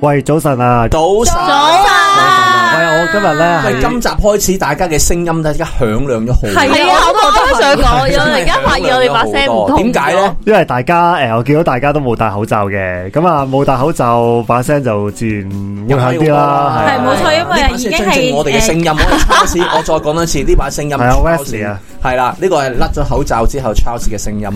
喂，早晨啊，早晨，早晨，喂，我今日咧，係今集開始，大家嘅聲音咧，而家響亮咗好多。係啊，我都想講。有，而家發現我哋把聲唔同。點解咧？因為大家誒，我見到大家都冇戴口罩嘅，咁啊，冇戴口罩把聲就自然響啲啦。係，冇錯，因為已經係我哋嘅聲音。開始，我再講多次，呢把聲音係啊。係啦，呢個係甩咗口罩之後抄字嘅聲音。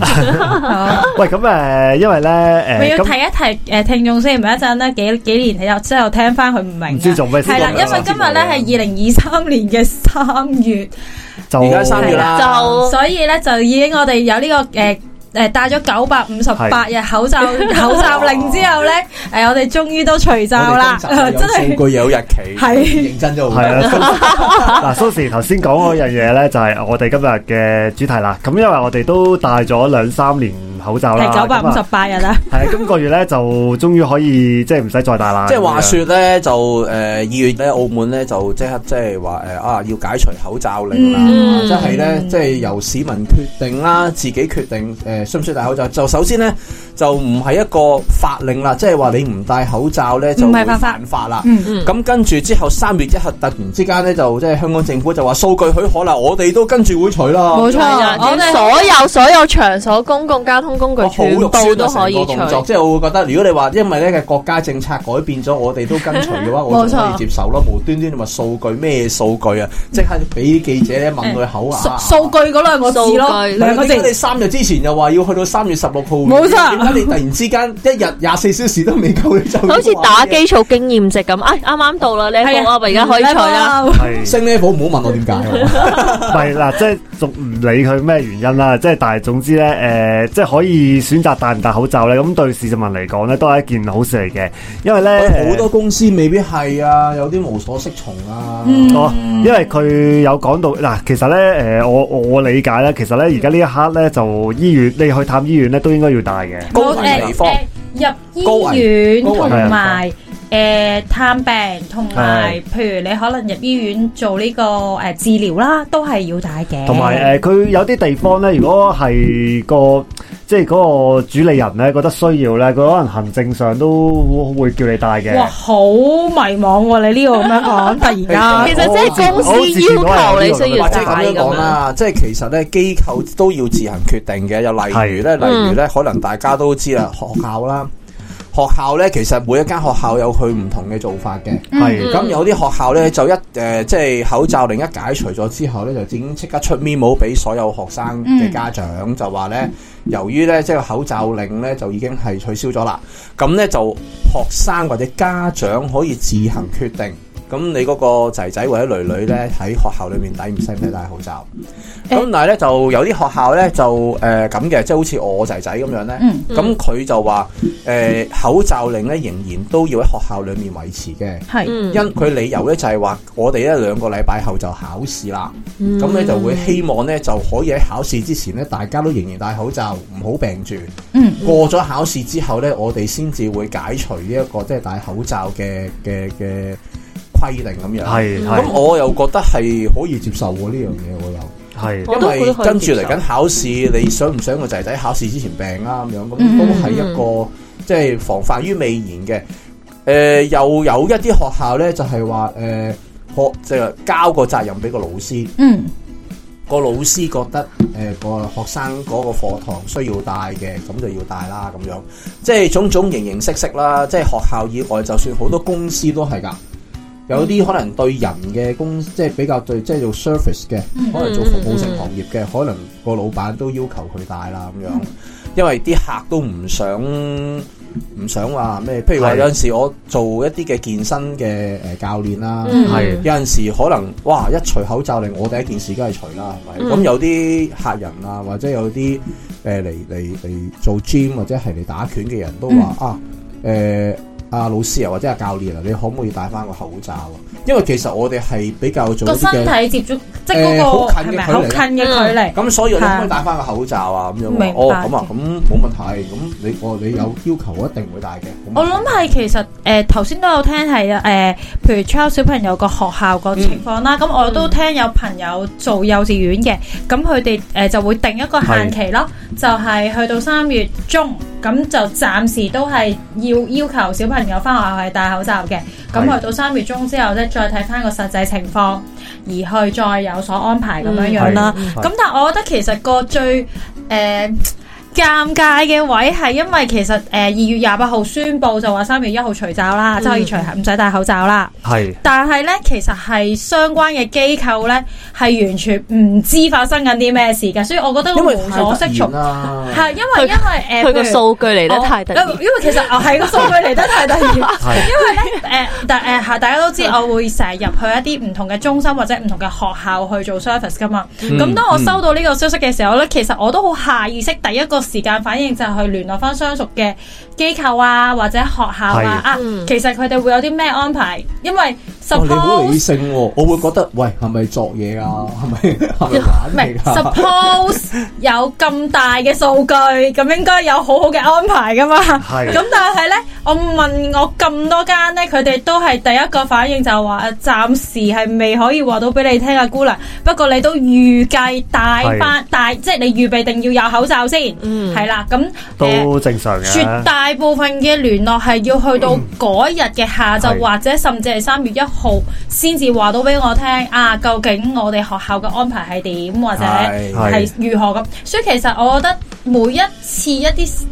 喂，咁誒，因為咧，誒，我要提一提誒聽眾先，唔係一陣咧，幾幾年又之後又聽翻佢唔明。唔知做咩事？係啦，因為今日咧係二零二三年嘅三月，就而家三月啦，就所以咧就已經我哋有呢個誒。誒，戴咗九百五十八日口罩，口罩令之後咧，誒、 呃，我哋終於都除罩啦！真係數據有日期，係是認真咗。係啊，Sosze 頭先講嗰樣嘢咧， oshi, 就係我哋今日嘅主題啦。咁因為我哋都戴咗兩三年。口罩啦，係九百五十八日啦。係今個月咧就終於可以即係唔使再戴啦。即係話說咧就誒二月咧澳門咧就即刻即係話誒啊要解除口罩令啦，即係咧即係由市民決定啦，自己決定誒需唔需要戴口罩。就首先咧就唔係一個法令啦，即係話你唔戴口罩咧就犯法啦。咁跟住之後三月一號突然之間咧就即係香港政府就話數據許可啦，我哋都跟住會取啦。冇錯，我哋所有所有場所公共交通。工具全部都可以除，即係我會覺得，如果你話因為呢個國家政策改變咗，我哋都跟隨嘅話，我就要接受咯。無端端你話數據咩數據啊？即刻俾記者問佢口啊？數據嗰兩個字咯，兩個字。你三日之前又話要去到三月十六號，冇錯。點解你突然之間一日廿四小時都未夠你做，好似打機儲經驗值咁。哎，啱啱到啦，你我啊，咪而家可以除啦。升呢？寶唔好問我點解，唔係嗱，即係仲唔理佢咩原因啦。即係但係總之咧，誒，即係可以。可以選擇戴唔戴口罩咧，咁對市民嚟講咧都係一件好事嚟嘅，因為咧好多公司未必係啊，有啲無所適從啊。嗯、哦，因為佢有講到嗱，其實咧誒，我我理解咧，其實咧而家呢一刻咧就醫院，你去探醫院咧都應該要戴嘅。高危地方入醫院同埋。對誒，探病同埋，譬如你可能入醫院做呢個誒治療啦，都係要帶嘅。同埋誒，佢、呃、有啲地方咧，如果係個即係嗰個主理人咧，覺得需要咧，佢可能行政上都會叫你帶嘅。哇，好迷惘喎，啊！你呢個咁樣講，突然間， 其實即係公司要求你需要帶咁啊。或者咁樣講啦，即係其實咧，機構都要自行決定嘅。又例如咧，是嗯、例如咧，可能大家都知啦，學校啦。 學校呢，其實每一間學校有佢唔同嘅做法嘅，係咁是有啲學校呢，就一誒、呃，即係口罩令一解除咗之後呢，就已經即刻出 memo 俾所有學生嘅家長，就話呢，由於呢，即係口罩令呢，就已經係取消咗啦，咁呢，就學生或者家長可以自行決定。咁你嗰個仔仔或者女女咧喺學校裏面抵唔使唔使戴口罩？咁、欸、但係咧就有啲學校咧就誒咁嘅，即係好似我仔仔咁樣咧。咁佢、嗯嗯、就話誒、呃、口罩令咧仍然都要喺學校裏面維持嘅。係、嗯、因佢理由咧就係、是、話我哋一兩個禮拜後就考試啦。咁咧、嗯、就會希望咧就可以喺考試之前咧大家都仍然戴口罩，唔好病住、嗯。嗯。過咗考試之後咧，我哋先至會解除呢、這、一個即係、就是、戴口罩嘅嘅嘅。規定咁樣，係咁，我又覺得係可以接受喎。呢樣嘢我又係，是也因為跟住嚟緊考試， 你想唔想個仔仔考試之前病啊？咁樣咁都係一個即係、就是、防範於未然嘅。誒、呃，又有一啲學校咧，就係話誒，學即係、就是、交個責任俾個老師，嗯，個老師覺得誒、呃、個學生嗰個課堂需要帶嘅，咁就要帶啦。咁樣即係種種形形式式啦。即係學校以外，就算好多公司都係噶。有啲可能對人嘅工，即係比較對，即係做 service 嘅，可能做服務性行業嘅，嗯嗯、可能個老闆都要求佢戴啦咁樣，因為啲客都唔想唔想話咩，譬如話有陣時我做一啲嘅健身嘅誒教練啦，係有陣時可能哇一除口罩令我第一件事都係除啦，係咪？咁、嗯、有啲客人啊，或者有啲誒嚟嚟嚟做 gym 或者係嚟打拳嘅人都話、嗯、啊誒。呃啊，老師啊，或者係教練啊，你可唔可以戴翻個口罩啊？因為其實我哋係比較做個身體接觸，即係嗰、嗰個好、欸、近嘅距,、啊、距離。咁所以你可以戴翻個口罩啊，咁樣白哦，咁啊，咁冇、嗯、問題。咁你我你有要求，我一定會戴嘅。我諗係其實誒頭先都有聽係誒、呃，譬如 child 小朋友個學校個情況啦。咁、嗯、我都聽有朋友做幼稚園嘅，咁佢哋誒就會定一個限期咯，是就係去到三月中。咁就暫時都係要要求小朋友翻學校係戴口罩嘅，咁去是到三月中之後咧，再睇翻個實際情況而去再有所安排，咁、嗯、樣樣啦。咁但係我覺得其實個最誒、呃尷尬嘅位係因為其實誒二、呃、月廿八號宣布就話三月一號除罩啦，就、嗯、可以除唔使戴口罩啦。係是。但係咧，其實係相關嘅機構咧係完全唔知發生緊啲咩事嘅，所以我覺得好無所適從。係它因為因為誒佢個數據嚟得太低，因為其實啊係個數據嚟得太低， 因為咧誒但誒吓大家都知，我會成日入去一啲唔同嘅中心或者唔同嘅學校去做 service 噶嘛。咁、嗯、當我收到呢個消息嘅時候咧，其實我都好下意識第一個。時間反應就係去聯絡返相熟嘅。機構啊，或者學校啊，的啊，其實佢哋會有啲咩安排？因為 suppose，好理性啊，我會覺得喂，係咪作嘢啊？係咪 suppose 有咁大嘅數據，咁應該有好好嘅安排噶嘛？咁的但係呢，我問我咁多間呢，佢哋都係第一個反應就話，暫時係未可以話到俾你聽啊，姑娘。不過你都預計戴返戴，即係你預備定要有口罩先，係啦的。咁，嗯嗯、都正常嘅。大部分嘅聯絡係要去到嗰一日嘅下晝，是或者甚至係三月一號先至話到俾我聽啊！究竟我哋學校嘅安排係點，或者係如何咁？是所以其實我覺得每一次一啲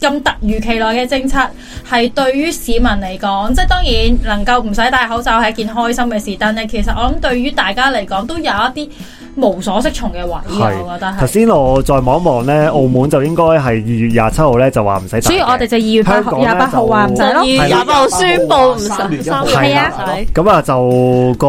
咁突如其來嘅政策，係對於市民嚟講，即係當然能夠唔使戴口罩係一件開心嘅事，但係其實我諗對於大家嚟講都有一啲。無所適從嘅位啊！我覺得係。頭先我再望一望咧，澳門就應該係二月廿七號咧就話唔使。所以我哋就二月八號，二月廿八號香港宣布唔使。係啊，唔使。咁啊，就個誒。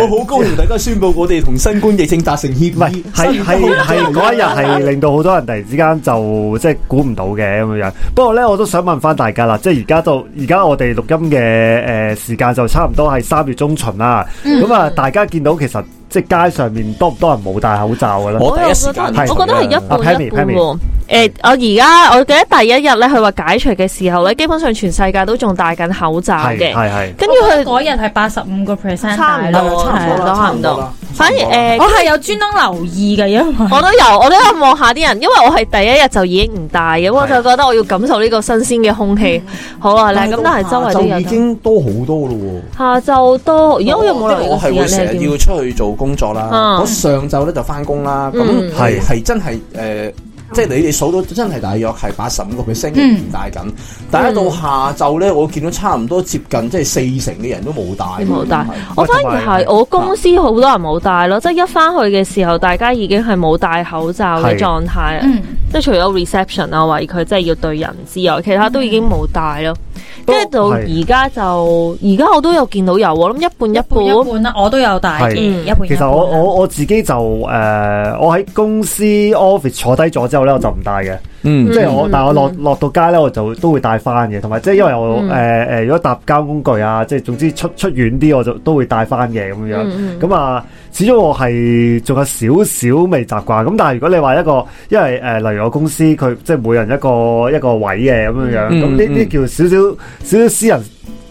我好高興，大家宣布我哋同新冠疫情達成協議。係係係，嗰一日係令到好多人突然之間就即係估唔到嘅咁樣。不過咧，我都想問翻大家啦，即係而家就而家我哋錄音嘅誒時間就差唔多係三月中旬啦。咁啊，大家見到其實。即係街上面多唔多人冇戴口罩噶啦？我第一時間，我覺得係一半一半。誒、uh, 欸，我而家我記得第一日咧，佢話解除嘅時候咧，基本上全世界都仲戴緊口罩嘅。係係，跟住佢嗰日係八十五個 percent，差唔多，差唔多，差唔多。反而，誒、呃，我係、啊、有專登留意嘅，因為 我都有，我都有望下啲人，因為我係第一日就已經唔戴嘅，我就覺得我要感受呢個新鮮嘅空氣。嗯、好啊，咧是，咁但係周圍都已經多好多啦，哦。下晝多，如果有冇咧，我係會成日要出去做工作啦。啊、我上晝咧就返工啦，咁係係真係誒。呃即係你哋數到真係大約係八十五個 percent 唔戴緊，嗯、但係一到下晝咧，我見到差唔多接近即係四成嘅人都冇戴，冇戴。就是、我反而係且我公司好多人冇戴咯，的即係一翻去嘅時候，大家已經係冇戴口罩嘅狀態。的嗯，即係除咗 reception 啊或佢真係要對人之外，其他都已經冇戴咯。嗯跟住到而家就，而家我都有見到有，我諗一半一半一半啦、啊，我都有戴，嗯的、欸，一半一半、啊。其實我我我自己就誒、呃、我喺公司 office 坐低咗之後咧，我就唔戴嘅。嗯，即係我，但係我落落到街咧，我就都會帶翻嘅，同埋即係因為我誒誒、嗯呃，如果搭交通工具啊，即係總之出出遠啲，我就都會帶翻嘅咁樣。咁、嗯、啊，始終我係仲有少少未習慣。咁但係如果你話一個，因為誒、呃，例如我公司佢即係每人一個一個位嘅咁樣樣。咁呢啲叫少少、嗯、少少私人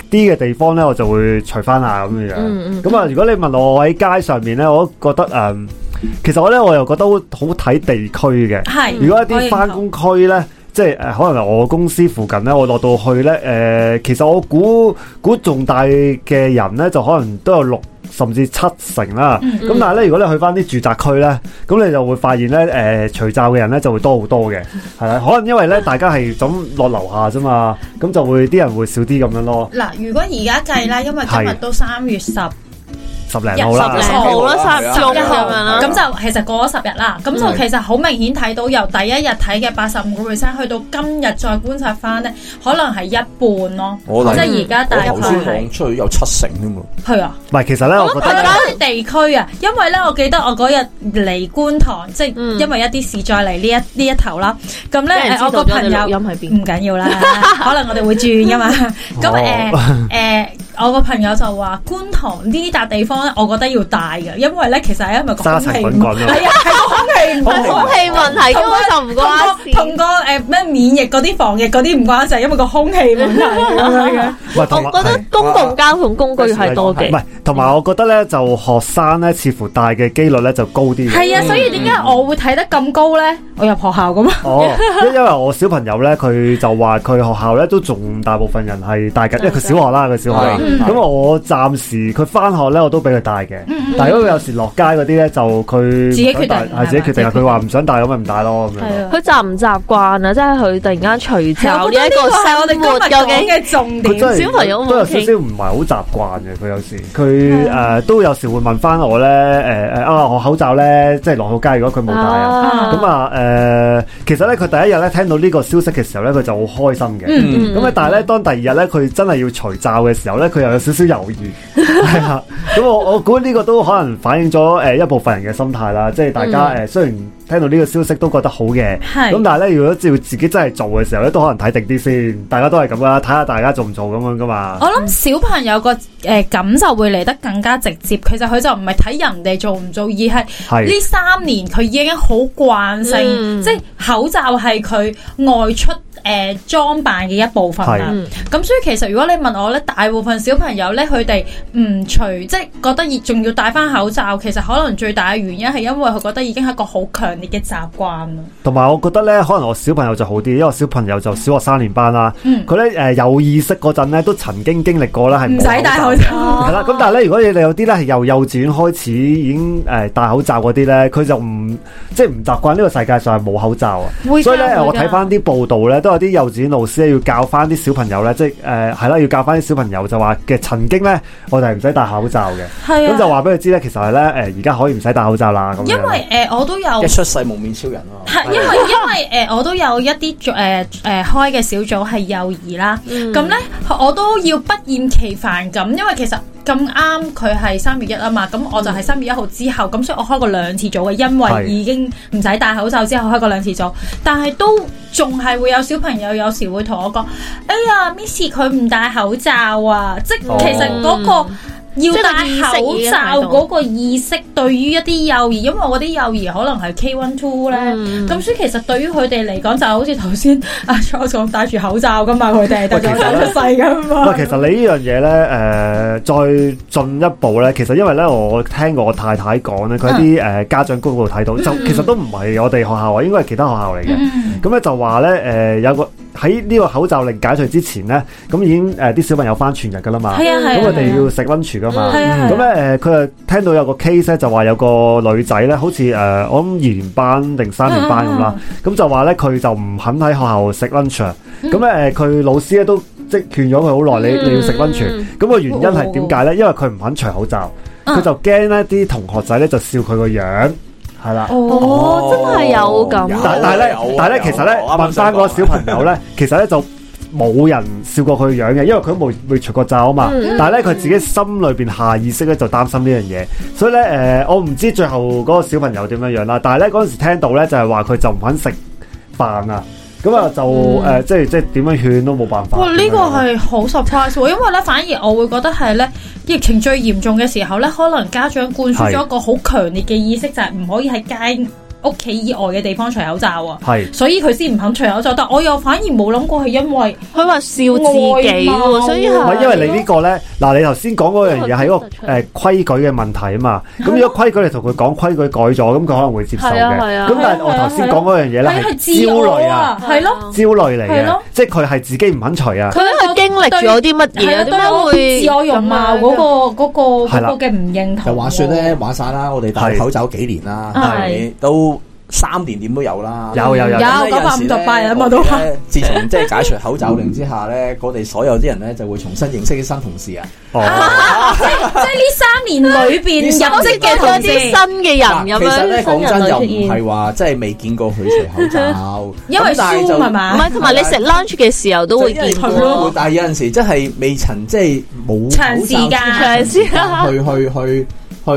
啲嘅地方咧，我就會除翻下咁樣樣。咁、嗯嗯、啊，如果你問我我喺街上面咧，我都覺得誒。其實我咧，我又覺得好睇地區嘅。係是如果一啲返工區咧，明即係誒，可能我公司附近咧，我落到去咧，誒、呃，其實我估估重大嘅人咧，就可能都有六甚至七成啦。咁、嗯嗯、但係咧，如果你去翻啲住宅區咧，咁你就會發現咧，誒、呃，除罩嘅人咧就會多好多嘅，係啦。可能因為咧， 大家係咁落樓下啫嘛，咁就會啲人會少啲咁樣咯。嗱，如果而家計啦，因為今日都三月十。對 對 十零好啦，十號啦，十號咁就其實過咗十日啦，咁就其實好明顯睇到由第一日睇嘅八十五個 percent，去到今日再觀察翻咧，可能係一半咯，即係而家第一頭出去有七成添嘛，係啊，唔係其實咧，我覺得地區啊，因為咧，我記得我嗰日嚟觀塘，即係因為一啲事再嚟呢一呢一頭啦。咁咧，我個朋友音喺邊？唔緊要啦，可能我哋會轉噶嘛。咁誒誒，我個朋友就話觀塘呢笪地方。我覺得要戴嘅，因為咧其實係因為個空氣，係啊，係個空氣，個空氣問題根本就唔關事。同個誒咩免疫嗰啲防疫嗰啲唔關事，係因為個空氣問題。我覺得公共交通工具係多嘅，唔係，同埋我覺得咧就學生咧似乎戴嘅機率咧就高啲。係啊，所以點解我會睇得咁高咧？我入學校咁。哦，因為我小朋友咧，佢就話佢學校咧都仲大部分人係戴緊，因為佢小學啦，佢小學。咁我暫時佢翻學咧，我都。佢戴嘅，但係如果佢有時落街嗰啲咧，就佢自己決定，係自己決定啊！佢話唔想戴，咁咪唔戴咯。咁樣，佢習唔習慣啊？即係佢突然間除罩有一個係我哋今日嘅重點。小朋友冇都有少少唔係好習慣嘅。佢有時，佢誒都有時會問翻我咧，誒誒啊，我口罩咧，即係落到街如果佢冇戴啊，咁啊誒，其實咧佢第一日咧聽到呢個消息嘅時候咧，佢就好開心嘅。咁啊，但係咧當第二日咧，佢真係要除罩嘅時候咧，佢又有少少猶豫，咁我。我估呢個都可能反映咗誒、呃、一部分人嘅心態啦，即係大家誒、嗯呃、雖然，聽到呢個消息都覺得好嘅，咁的但係咧，如果照自己真係做嘅時候咧，都可能睇定啲先。大家都係咁啦，睇下大家做唔做咁樣噶嘛。我諗小朋友個誒感受會嚟得更加直接。其實佢就唔係睇人哋做唔做，而係呢三年佢已經好慣性，的嗯、即係口罩係佢外出誒、呃、裝扮嘅一部分啦。咁的所以其實如果你問我咧，大部分小朋友咧，佢哋唔除即係覺得仲要戴翻口罩，其實可能最大嘅原因係因為佢覺得已經係一個好強。你嘅習慣同埋我覺得咧，可能我小朋友就好啲，因為我小朋友就小學三年班啦。佢咧誒有意識嗰陣咧，都曾經經歷過啦。係唔使戴口罩係啦。咁 但係咧，如果你哋有啲咧係由幼稚園開始已經誒戴口罩嗰啲咧，佢就唔即係唔習慣呢個世界上係冇口罩啊。會，所以咧我睇翻啲報道咧，都有啲幼稚園老師咧要教翻啲小朋友咧，即係誒係啦，要教翻啲小朋友就話嘅曾經咧，我哋係唔使戴口罩嘅。咁的的就話俾佢知咧，其實係咧誒而家可以唔使戴口罩啦。的因為誒我都有。 細蒙面超人咯，因為因為誒我都有一啲誒誒開嘅小組係幼兒啦，咁咧、嗯、我都要不厭其煩咁，因為其實咁啱佢係三月一啊嘛，咁我就係三月一號之後，咁、嗯、所以我開過兩次組嘅，因為已經唔使戴口罩之後開過兩次組，但係都仲係會有小朋友有時會同我講，哎呀，Miss 佢唔戴口罩啊，即其實嗰、嗰個。嗯嗯要戴口罩嗰個意識對於一啲幼兒，因為我啲幼兒可能係 K one two 咧，咁所以其實對於佢哋嚟講就好似頭先阿坐坐戴住口罩㗎嘛，佢哋戴住口罩出世㗎嘛。其實， 其實你呢樣嘢咧，誒、呃，再進一步咧，其實因為咧，我聽過我太太講咧，佢啲誒家長谷度睇到，就其實都唔係我哋學校呀，應該係其他學校嚟嘅。咁咧、嗯、就話咧，誒、呃、有個。喺呢個口罩令解除之前呢，咁已經誒啲、呃、小朋友翻全日噶啦嘛，咁佢哋要食溫泉噶嘛，咁咧誒佢誒聽到有個 case 咧就話有個女仔咧，好似誒、呃、我諗二年班定三年班咁啦，咁、啊、就話咧佢就唔肯喺學校食 lunch。咁咧誒佢老師咧都即勸咗佢好耐，你、嗯、你要食溫泉。咁、個原因係點解呢？哦、因為佢唔肯除口罩，佢就驚呢啲同學仔咧就笑佢個樣。係啦，oh, 哦，真係有咁、啊。但呢、啊、但係呢咧，但係咧，其實咧，阿文生嗰個小朋友咧， 其實咧就冇人笑過佢樣嘅，因為佢冇冇除過罩啊嘛。 但係咧，佢自己心裏邊下意識咧就擔心呢樣嘢，所以咧誒、呃，我唔知最後嗰個小朋友點樣樣啦。但係咧嗰陣時聽到咧，就係話佢就唔肯食飯啊。咁啊，就誒、嗯呃，即係即係點樣勸都冇辦法。哇！呢個係好 surprise，因為咧，反而我會覺得係咧，疫情最嚴重嘅時候咧，可能家長灌輸咗一個好強烈嘅意識，是的 就係唔可以喺街。屋企以外嘅地方除口罩啊，係，所以佢先唔肯除口罩。但我又反而冇諗過，係因為佢話笑自己所以係唔係因為你呢個咧？嗱，你頭先講嗰樣嘢係一個誒規矩嘅問題啊嘛。咁如果規矩，你同佢講規矩改咗，咁佢可能會接受嘅。咁但係我頭先講嗰樣嘢咧係焦慮啊，係咯，焦慮嚟嘅，即係佢係自己唔肯除啊。嚟住有啲乜對？嘢？啊，都會自我容貌嗰個嗰、啊那個嗰的個嘅唔認同、啊又話說呢。就話説咧，玩晒啦，我哋戴口罩幾年啦，係都。三年點都有啦，有有有，有九百五十八人嘛都。自從即係解除口罩令之下咧，我哋所有啲人咧就會重新認識啲新同事啊。哦，即係呢三年裏邊認識嘅嗰啲新嘅人，咁樣新人出現。其實咧講真，又唔係話即係未見過佢除口罩，因為唔係同埋你食 lunch 嘅時候都會見。但係有陣時真係未曾即係冇口罩，長時間長時間去去去。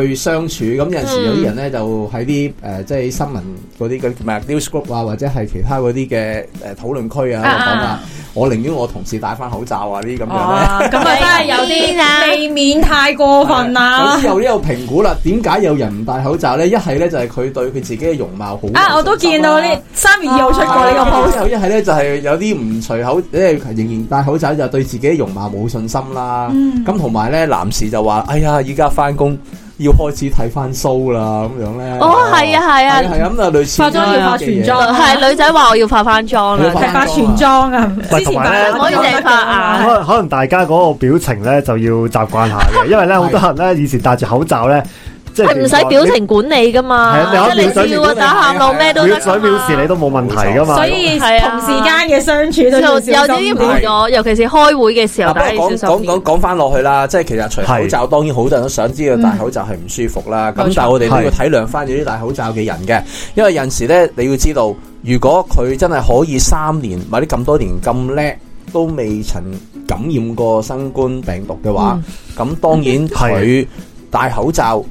去相處咁，有陣時有啲人咧就喺啲誒即係新聞嗰啲啲 Mac News Group 啊，或者係其他嗰啲嘅誒討論區啊講啊，我寧願我同事戴翻口罩啊呢啲咁樣咧，咁啊真係有啲避免太過分啦。之後呢個評估啦，點解有人唔戴口罩咧？一係咧就係佢對佢自己嘅容貌好啊，我都見到呢三月二號出過呢個 post。一係咧就係有啲唔除口，即係仍然戴口罩就對自己嘅容貌冇信心啦。咁同埋咧男士就話：哎呀，依家翻工。要開始睇翻 show 啦，咁樣咧哦，係啊，係啊，係咁啊，女化妝要化全妝，係女仔話我要化翻妝啦，係化全妝啊，唔係。同埋咧，可能可能大家嗰個表情咧就要習慣下嘅，因為咧好多人咧以前戴住口罩咧。佢唔使表情管理噶嘛，即係你笑啊打喊露咩都得啊，所以唔使表示你都冇問題噶嘛。所以同時間嘅相處都又有啲變咗，尤其是開會嘅時候。嗱，我講講講講翻落去啦，即係其實除口罩，當然好多人都想知道戴口罩係唔舒服啦。咁但係我哋都要體諒翻呢啲戴口罩嘅人嘅，因為有陣時咧你要知道，如果佢真係可以三年或者咁多年咁叻，都未曾感染過新冠病毒嘅話，咁當然佢戴口罩。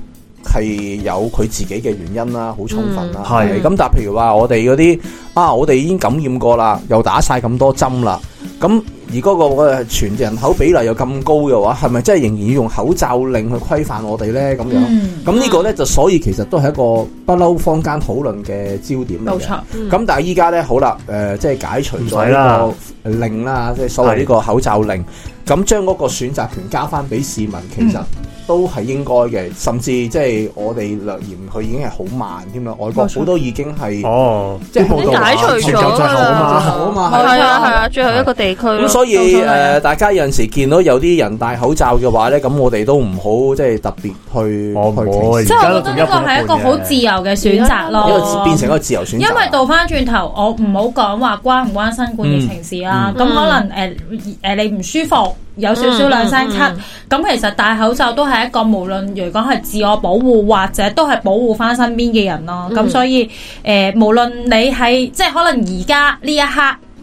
係有佢自己嘅原因啦，好充分啦。係咁、嗯，吧但譬如話，我哋嗰啲啊，我哋已經感染過啦，又打晒咁多針啦。咁而嗰個嘅全人口比例又咁高嘅話，係咪真係仍然要用口罩令去規範我哋咧？咁、嗯、樣咁呢個咧，就、嗯、所以其實都係一個不嬲坊間討論嘅焦點嚟嘅。咁、嗯、但係依家咧，好啦，誒、呃，即係解除咗呢個令啦，即係所謂呢個口罩令，咁將嗰個選擇權交翻俾市民，其實、嗯。都係應該嘅，甚至即係我哋略嫌，佢已經係好慢添啦。外國好多已經係哦，即係解除咗啊，全好嘛好係啊係啊，最後一個地區。咁所以誒，大家有陣時見到有啲人戴口罩嘅話咧，咁我哋都唔好即係特別去去歧視。即係我覺得呢個係一個好自由嘅選擇咯，變成一個自由選擇。因為倒翻轉頭，我唔好講話關唔關新冠疫情事啊，咁可能誒誒你唔舒服，有少少兩聲咳，咁、嗯嗯、其實戴口罩都係一個無論，如果係自我保護，或者都係保護返身邊嘅人咯。咁、嗯、所以，誒、呃，無論你喺即係可能而家呢一刻，誒、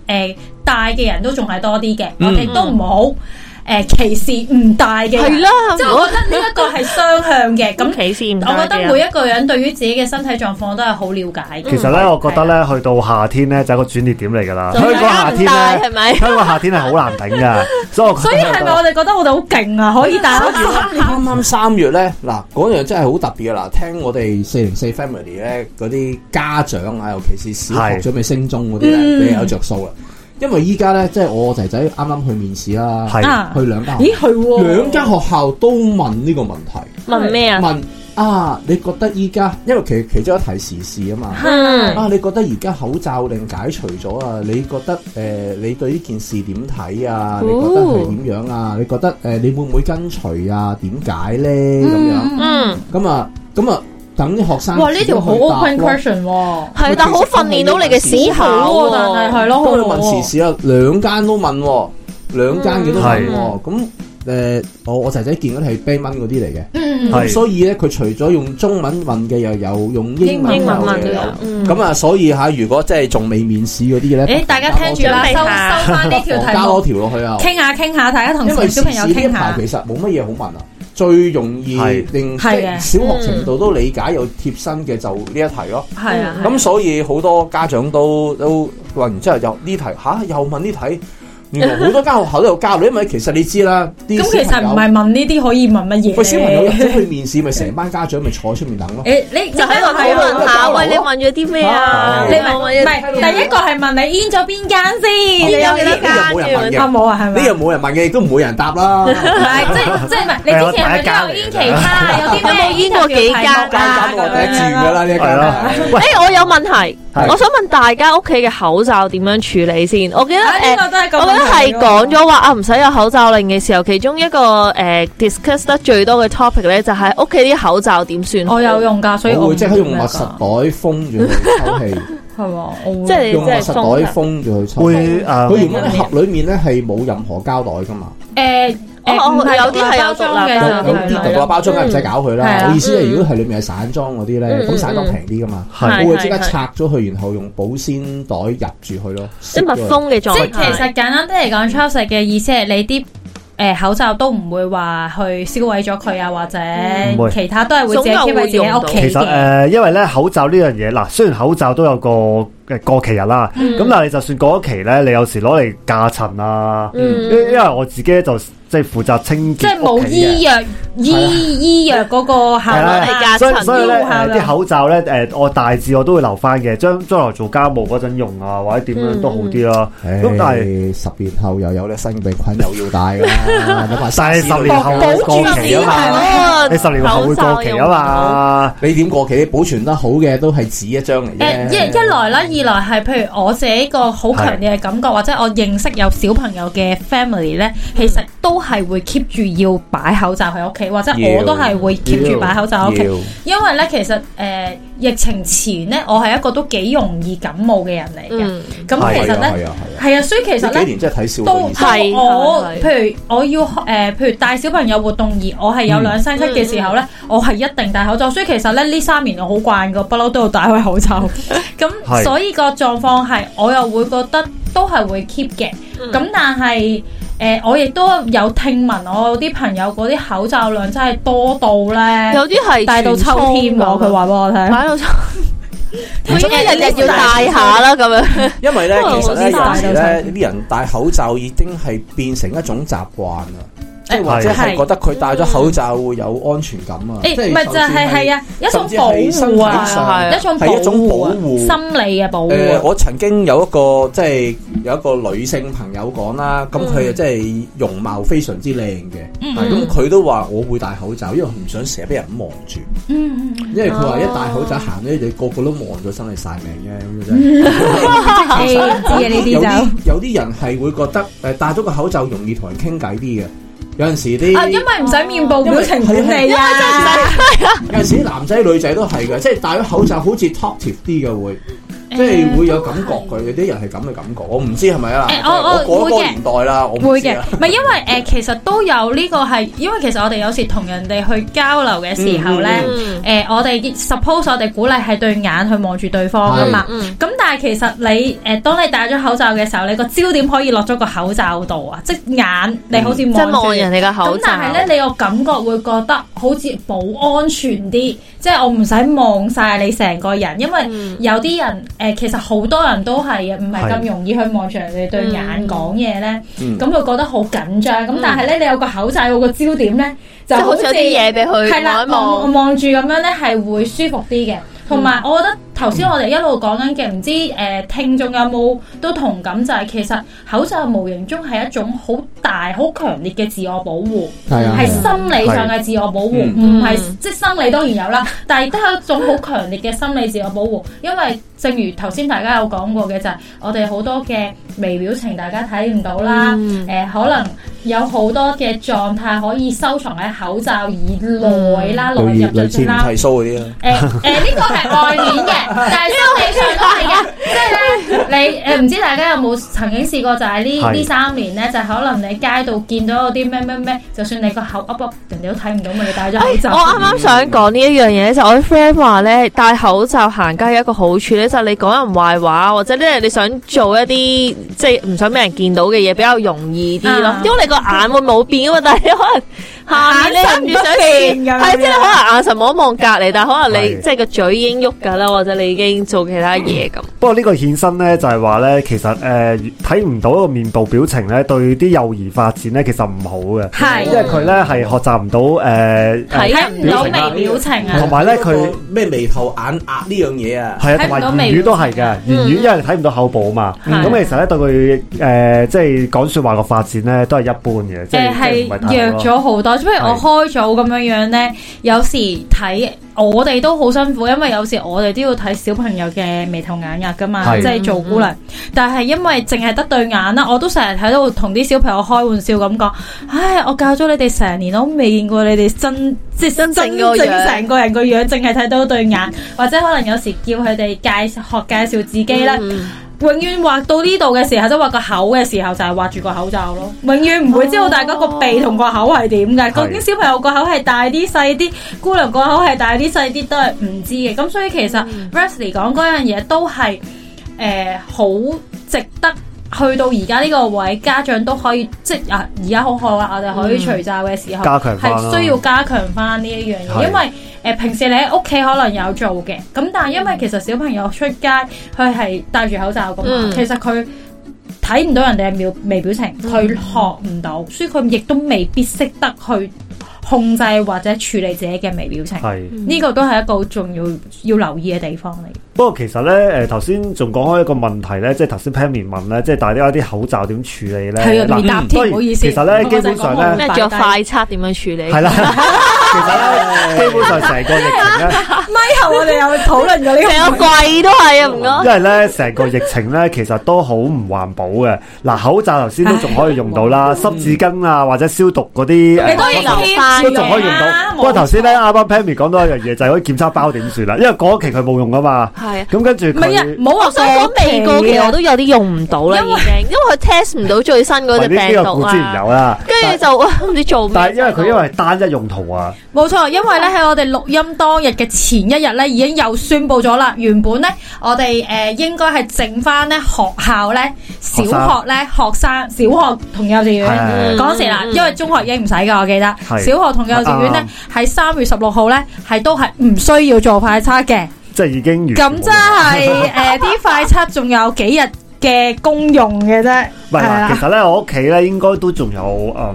呃、戴嘅人、嗯、都仲係多啲嘅，我哋都唔好。嗯嗯誒歧視唔大嘅，係啦，即係我覺得呢一個係雙向嘅。咁歧視唔大啊！我覺得每一個人對於自己嘅身體狀況都係好瞭解。其實咧，我覺得咧，去到夏天咧就係個轉捩點嚟㗎啦。香港夏天係咪，香港夏天係好難頂㗎，所以所以係咪我哋覺得我哋好勁啊？可以打啱啱三月咧，嗱嗰樣真係好特別嘅嗱，聽我哋四零四 Family 咧嗰啲家長啊，尤其是小學準備升中嗰啲咧，你有著數啦。因為依家咧，即係我仔仔啱啱去面試啦，啊、去兩間。咦，係兩間學校都問呢個問題。問咩啊？問啊，你覺得依家，因為其其中一題時事啊嘛。啊，你覺得而家、啊啊、口罩令解除咗啊？你覺得誒、呃，你對呢件事點睇啊？哦、你覺得係點樣啊？你覺得誒、呃，你會唔會跟隨啊？點解咧咁樣？咁、嗯、啊，咁啊、嗯。嗯嗯等啲學生哇，呢條好 open question 先去答喎，係但係好訓練到你嘅思考喎，嗯、但係係咯，都會、嗯、對問時事啊，兩間都問，兩間嘅都問喎，咁、嗯。的誒，我我仔仔見嗰題係 Batman 嗰啲嚟嘅，咁所以咧佢除咗用中文問嘅，又有用英文問嘅，咁啊，所以吓，如果即係仲未面試嗰啲咧，誒大家聽住啦，收收翻呢條題，加多條落去啊，傾下傾下，大家同小朋友傾下，其實冇乜嘢好問啊，最容易令小學程度都理解有貼身嘅就呢一題咯，係啊，咁所以好多家長都都問完之後又呢題吓，又問呢題。好多間學校都有交流，因為其實你知啦，咁其實唔係問呢啲，可以問乜嘢？喂，小朋友去面試，咪成班家長咪坐出面等咯。誒，你就喺度討論下喂，你問咗啲咩啊？你唔係，唔係，第一個係問你煙咗邊間先，煙咗幾多間先？啊冇啊，係咪？呢樣冇人問嘅，亦都冇人答啦。即係即係唔係？你之前有煙其他，有啲咩？煙過幾間？我梗係唔住噶啦，呢間。誒，我有問題。我想問大家屋企嘅口罩點樣處理先？我記得，我覺得係講咗話啊，唔、呢、使、個、有口罩令嘅時候，其中一個誒 discuss 得最多嘅 topic 咧，就係屋企啲口罩點算？我有用噶，所以我，我會即係用密實袋封住空氣，係嘛？即係用密實袋封住佢， 會誒，佢原本個盒裏面咧係冇任何膠袋噶嘛？誒、呃。有啲係有裝嘅，有啲包裝，係唔使搞佢啦。我意思係，如果係裡面係散裝嗰啲咧，咁散裝平啲噶嘛，我會即刻拆咗佢，然後用保鮮袋入住佢咯。即密封嘅狀態。即其實簡單啲嚟講，超細嘅意思係你啲誒口罩都唔會話去銷毀咗佢啊，或者其他都係會自己擺喺屋企嘅。其實誒，因為咧口罩呢樣嘢嗱，雖然口罩都有個嘅過期日啦，咁但係你就算過咗期咧，你有時攞嚟架塵啊，因為我自己就。即係負責清潔屋企嘅。即係冇醫藥醫醫藥嗰個效効力。所以所以咧，啲口罩咧，誒，我大致我都會留返嘅，將將來做家務嗰陣用啊，或者點樣都好啲咯。咁但係十年後又有咧新病菌又要戴嘅，你話曬十年後過期啊？你十年後會過期啊嘛？你點過期？保存得好嘅都係紙一張嚟嘅。一一來啦，二來係譬如我自己個好強烈嘅感覺，或者我認識有小朋友嘅 family 咧，其實都。都係會 keep 住要擺口罩喺屋企，或者我都係會 keep 住擺口罩喺屋企，因為咧其實誒疫情前咧，我係一個都幾容易感冒嘅人嚟嘅。咁其實咧係啊，所以其實咧都係我，譬如我要誒，譬如帶小朋友活動而我係有兩三級嘅時候咧，我係一定戴口罩。所以其實咧呢三年我好慣㗎，不嬲都要戴開口罩。咁所以個狀況係，我又會覺得都係會 keep 嘅。咁但係。誒、呃，我亦都有聽聞，我啲朋友嗰啲口罩量真係多到咧，有啲係戴到秋天嘅，佢話俾我聽。戴到秋， 應該一日日要戴下啦咁樣。因為咧， 其實咧 有時啲人戴口罩已經係變成一種習慣啦。或者係覺得佢戴咗口罩會有安全感啊！誒，唔係就係係啊，一種保護啊，係一種保護心理嘅保護。我曾經有一個即係有一個女性朋友講啦，咁佢啊即係容貌非常之靚嘅，咁佢都話我會戴口罩，因為唔想成日俾人望住。因為佢話一戴口罩行咧，你個個都望咗身嚟、晒命嘅咁。有啲人係會覺得誒，戴咗個口罩容易同人傾偈啲嘅。有陣時啲、啊，因為唔使面部表情管理啊！為啊有陣時啲 男仔女仔都係嘅，即係戴咗口罩好似 talkative 啲嘅會。即係會有感覺，佢有啲人係咁嘅感覺，我唔知係咪啊？我我嗰個年代啦，我唔知。唔係，因為誒，其實都有呢個係，因為其實我哋有時同人哋去交流嘅時候咧，誒，我哋 suppose 我哋鼓勵係對眼去望住對方噶嘛。咁但係其實你誒，當你戴咗口罩嘅時候，你個焦點可以落咗個口罩度啊！即眼你好似望住人哋嘅口罩。咁但係咧，你個感覺會覺得好似保安全啲，即係我唔使望晒你成個人，因為有啲人。誒，其實好多人都係唔係咁容易去望住人哋對眼講嘢咧，咁、嗯、佢話、嗯、覺得好緊張。咁、嗯、但係咧，你有個口罩，有個焦點咧，就好似嘢俾佢係啦望望住咁樣咧，係會舒服啲嘅。同埋，我覺得頭先我哋一路講緊嘅，唔知誒、呃、聽眾有冇都同感，就係、是、其實口罩無形中係一種好大、好強烈嘅自我保護，係、嗯、心理上嘅自我保護，唔係即係生理當然有啦，但係都係一種好強烈嘅心理自我保護，因為。正如頭先大家有講過嘅就係，我哋好多嘅微表情大家睇唔到啦，誒可能有好多嘅狀態可以收藏喺口罩以內啦，內入就算啦。誒誒，呢個係外顯嘅，但係呢個係全部都係嘅。即係咧，你誒唔知大家有冇曾經試過就係呢呢三年咧，就可能你街度見到嗰啲咩咩咩，就算你個口噏噏，人哋都睇唔到咪？戴咗口罩。我啱啱想講呢一樣嘢就，我啲 friend 話咧，戴口罩行街有一個好處咧。其實你講人壞話，或者咧你想做一啲即係唔想俾人見到嘅嘢，比較容易啲咯。Uh huh. 因為你個眼會冇變啊嘛，但係可能。 吓，你諗住想變係即係可能眼神望一望隔籬，但係可能你即係個嘴已經喐噶啦，或者你已經做其他嘢咁。不過呢個衍生咧，就係話咧，其實誒睇唔到個面部表情咧，對啲幼兒發展咧，其實唔好嘅。係，因為佢咧係學習唔到誒睇唔到微表情啊，同埋咧佢咩眉頭眼壓呢樣嘢啊，係啊，同埋言語都係嘅，言語因為睇唔到口部啊嘛。咁其實咧對佢誒即係講說話個發展咧都係一般嘅，即係唔係弱咗好多。因為我開咗咁樣樣呢，是有時睇我哋都好辛苦，因為有時我哋都要睇小朋友嘅眉頭眼額，噶嘛，是即係做姑娘。嗯嗯，但係因為淨係得對眼啦，我都成日睇到同啲小朋友開玩笑咁講，嗯、唉，我教咗你哋成年都未見過你哋真即係真正成個人個樣，淨係睇到對眼，嗯、或者可能有時叫佢哋介紹學介紹自己啦。嗯嗯嗯永遠畫到呢度嘅時候，即係畫個口嘅時候，就係畫住個口罩咯。永遠唔會知道大家個鼻同個口係點嘅。哦、究竟小朋友個口係大啲細啲，姑娘個口係大啲細啲，都係唔知嘅。咁所以其實 Wesley 講嗰樣嘢都係誒好值得去到而家呢個位，家長都可以即係而家好可惡，我哋可以除罩嘅時候，係、嗯、需要加強翻呢一樣嘢，是因為。誒，平時你喺屋企可能有做嘅，咁但係因為其實小朋友出街，佢係戴住口罩噶、嗯，其實佢睇唔到人哋嘅微表情，佢、嗯、學唔到，所以佢亦都未必識得去控制或者處理自己嘅微表情。係呢個都係一個重要要留意嘅地方嚟。不過其實咧，誒頭先仲講開一個問題咧，即係頭先 Pammy 問咧，即係大家啲口罩點處理咧？係啊的，唔好意思，其實咧基本上咧，咩叫快測點樣處理？係啦。其實咧，基本上成個疫情咧，咪呀，我哋又去討論咗呢個貴都係啊，唔該。因為咧，成個疫情咧，其實都好唔環保嘅。嗱，口罩頭先都仲可以用到啦，濕紙巾啊，或者消毒嗰啲，你都要啲，都仲可以用到。不過頭先咧，阿媽 Pammy 講到一樣嘢，就係可以檢測包點算啦？因為嗰期佢冇用啊嘛。係啊。咁跟住佢，唔好啊！我想講未過期，我都有啲用唔到啦，已經，因為佢 test 唔到最新嗰隻病毒啊。跟住就啊，唔知做咩。但係因為佢因為單一用途啊。冇錯，因為咧喺我哋錄音當日嘅前一日咧，已經又宣布咗啦。原本咧，我哋誒、呃、應該係剩翻，咧學校咧小學咧學生，學生小學同幼稚園嗰時啦，嗯、因為中學已經唔使噶，我記得是小學同幼稚園咧喺三月十六號咧係都係唔需要做快測嘅。即係已經完咁，即係誒啲快測仲有幾日嘅公用嘅啫。唔係啦，的其實咧我屋企咧應該都仲有嗯，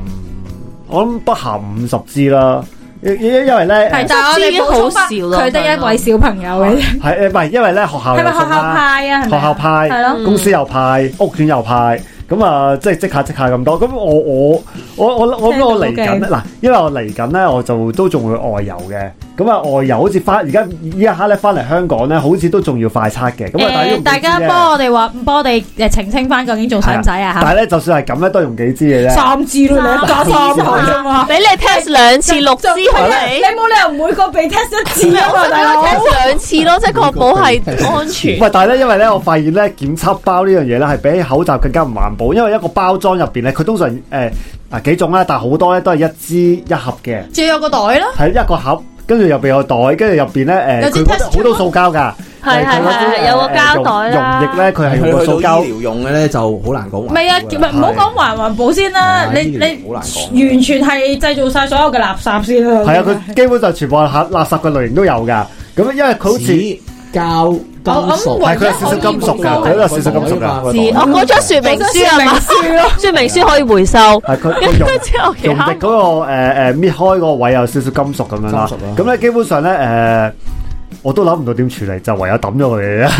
我諗不下五十支啦。因因因為咧，但係我已經好少咯，佢得一位小朋友嘅，係唔係？ 因為呢，學校係咪、啊、學校派啊？學校派？的公司又派，嗯、屋苑又派。咁啊，即係即下即下咁多，咁我我我我我我嚟緊嗱，因為我嚟緊咧，我就都仲會外遊嘅，咁啊外遊好似翻而家呢一刻咧翻嚟香港咧，好似都仲要快測嘅。咁啊，大家幫我哋話幫我哋誒澄清翻究竟仲使唔使啊？但係咧，就算係咁咧，都用幾支嘅啫，三支啦，兩支台啫俾你 test 兩次六支台，你冇理由每個鼻 test 一支啊嘛，我兩次咯，即係確保係安全。喂，但係咧，因為咧，我發現咧，檢測包呢樣嘢咧，係比起口罩更加唔穩。因為一個包裝入邊咧，佢通常誒啊幾種啦，但係好多咧都係一支一盒嘅，借有個袋啦，係一個盒，跟住入邊有袋，跟住入邊咧誒，佢貼好多塑膠噶，係係係，有個膠袋啦。用，亦咧佢係用個塑膠，用嘅咧就好難講。唔係啊，唔好講環環保先啦，你你完全係製造晒所有嘅垃圾先啦。係啊，佢基本上全部係垃圾嘅類型都有噶，咁因為佢好似。膠金屬，但係佢少少金屬嘅，佢又少少金屬嘅。我攞咗說明書啊嘛，說明書可以回收。係佢用用蝕嗰個誒誒搣開個位有少少金屬咁樣啦。咁咧基本上咧誒，我都諗唔到點處理，就唯有抌咗佢哋。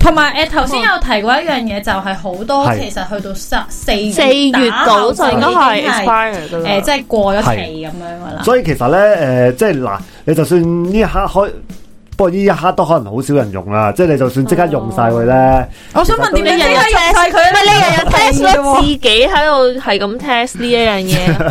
同埋誒，頭先有提過一樣嘢，就係好多其實去到三四四月到就已經係誒，即係過咗期咁樣噶啦。所以其實咧誒，即係嗱，你就算呢刻開。不過呢一刻都可能好少人用啦，即係你就算即刻用晒佢咧。Oh. 其實 我想問點樣即刻用晒佢？唔係你日日 test 自己喺度係咁 test 呢一樣嘢？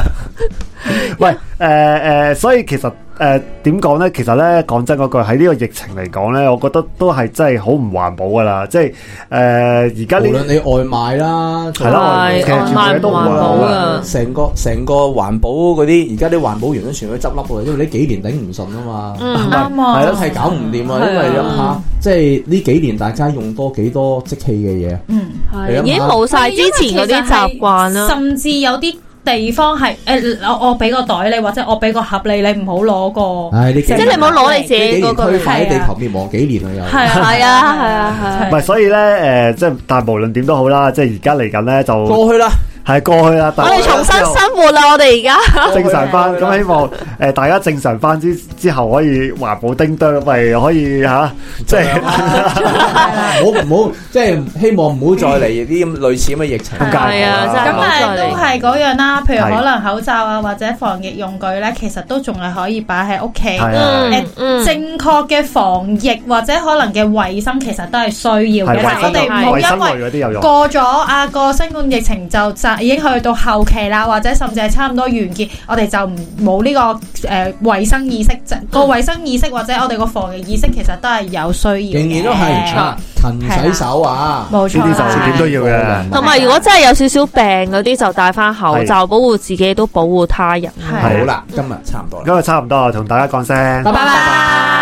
喂，誒誒、 呃呃，所以其實。誒，點講咧？其實咧，講真嗰句喺呢個疫情嚟講咧，我覺得都係真係好唔環保噶啦。即係誒、而、呃、家無論你外賣啦，係啦，啊、外賣其實都唔環保嘅。成個成個環保嗰啲，而家啲環保員都全部執笠啦，因為呢幾年頂唔順啊嘛。嗯，啱啊。係咯，係搞唔掂啊。因為諗下，即係呢幾年大家用多幾多即棄嘅嘢。嗯，係已經冇晒之前嗰啲習慣啦，甚至有啲。地方係誒、欸，我我俾個袋你，或者我俾個盒你，你唔好攞個，哎、你個即係你唔好攞你自己嗰、那個幾年，地球年，幾年啊。又係啊係啊係啊，唔係、啊啊啊、 所以咧誒、呃，即係但無論點都好啦，即係而家嚟緊咧就過去啦。係過去啦，我哋重新生活啦，我哋而家正常翻。咁希望誒，大家正常翻之之後，可以環保叮當，咪可以吓，即係唔好唔好，即係希望唔好再嚟啲咁類似咁嘅疫情。係啊，咁係都係嗰樣啦。譬如可能口罩啊，或者防疫用具咧，其實都仲係可以擺喺屋企。誒，正確嘅防疫或者可能嘅衛生，其實都係需要嘅。我哋唔好因為過咗啊個新冠疫情就就，已經去到後期啦，或者甚至係差唔多完結，我哋就唔冇呢個誒衛、呃、生意識，個衛、嗯、生意識或者我哋個防疫意識，其實都係有需要。仍然都係冇錯，勤、啊、洗手啊，呢啲就點都要嘅。同埋、啊、如果真係有少少病嗰啲，就戴翻口罩，啊、保護自己都保護他人。啊啊、好啦，今日差唔多，今日差唔多同大家講聲，拜拜。Bye bye